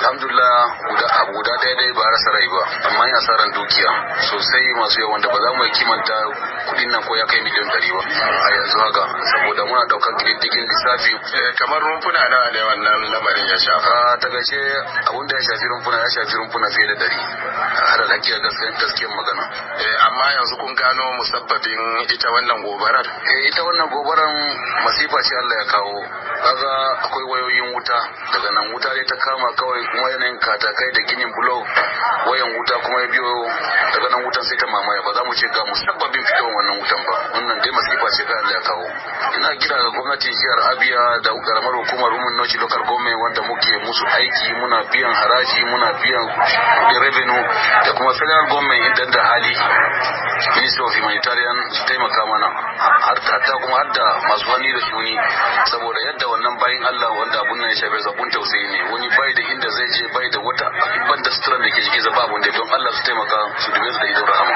alhamdulillah guda abu guda ɗaya dai ba rasa rai ba amma yin asaran dukiya sosai masu yawa wanda ba za mu yi kimanta kuɗin nan ko ya kai miliyan ɗari ba a yanzu haka saboda muna ɗaukar digin lissafi eh, kamar rumfuna na ne wannan lamarin ya shafa ta gace abun da ya shafi rumfuna ya shafi rumfuna fiye da ɗari har gaskiyar gaskiyar magana eh, amma yanzu kun gano musabbabin ita wannan gobarar eh, ita wannan gobarar masifa ce Allah ya kawo kaga akwai wayoyin wuta daga nan wuta dai ta kama kawai kuma yanayin katakai da ginin blog wayan wuta kuma ya biyo daga nan wutan sai ta mamaya ba za mu ce ga musabbabin fitowar wannan wutan ba wannan dai masifa ce ga Allah ya kawo ina kira ga gwamnatin jihar Abia da karamar hukumar Rumun noci Local Government wanda muke musu aiki muna biyan haraji muna biyan kuɗin revenue da kuma federal government idan da hali Ministry of Humanitarian taimaka mana har ta masu hannu da shuni saboda yadda wannan bayan Allah wanda abun nan ya shafi zabun tausayi ne wani bai da inda zai je bai da wata abin da suturan da ke jiki zaba abun da don Allah su taimaka su dube su da idon rahama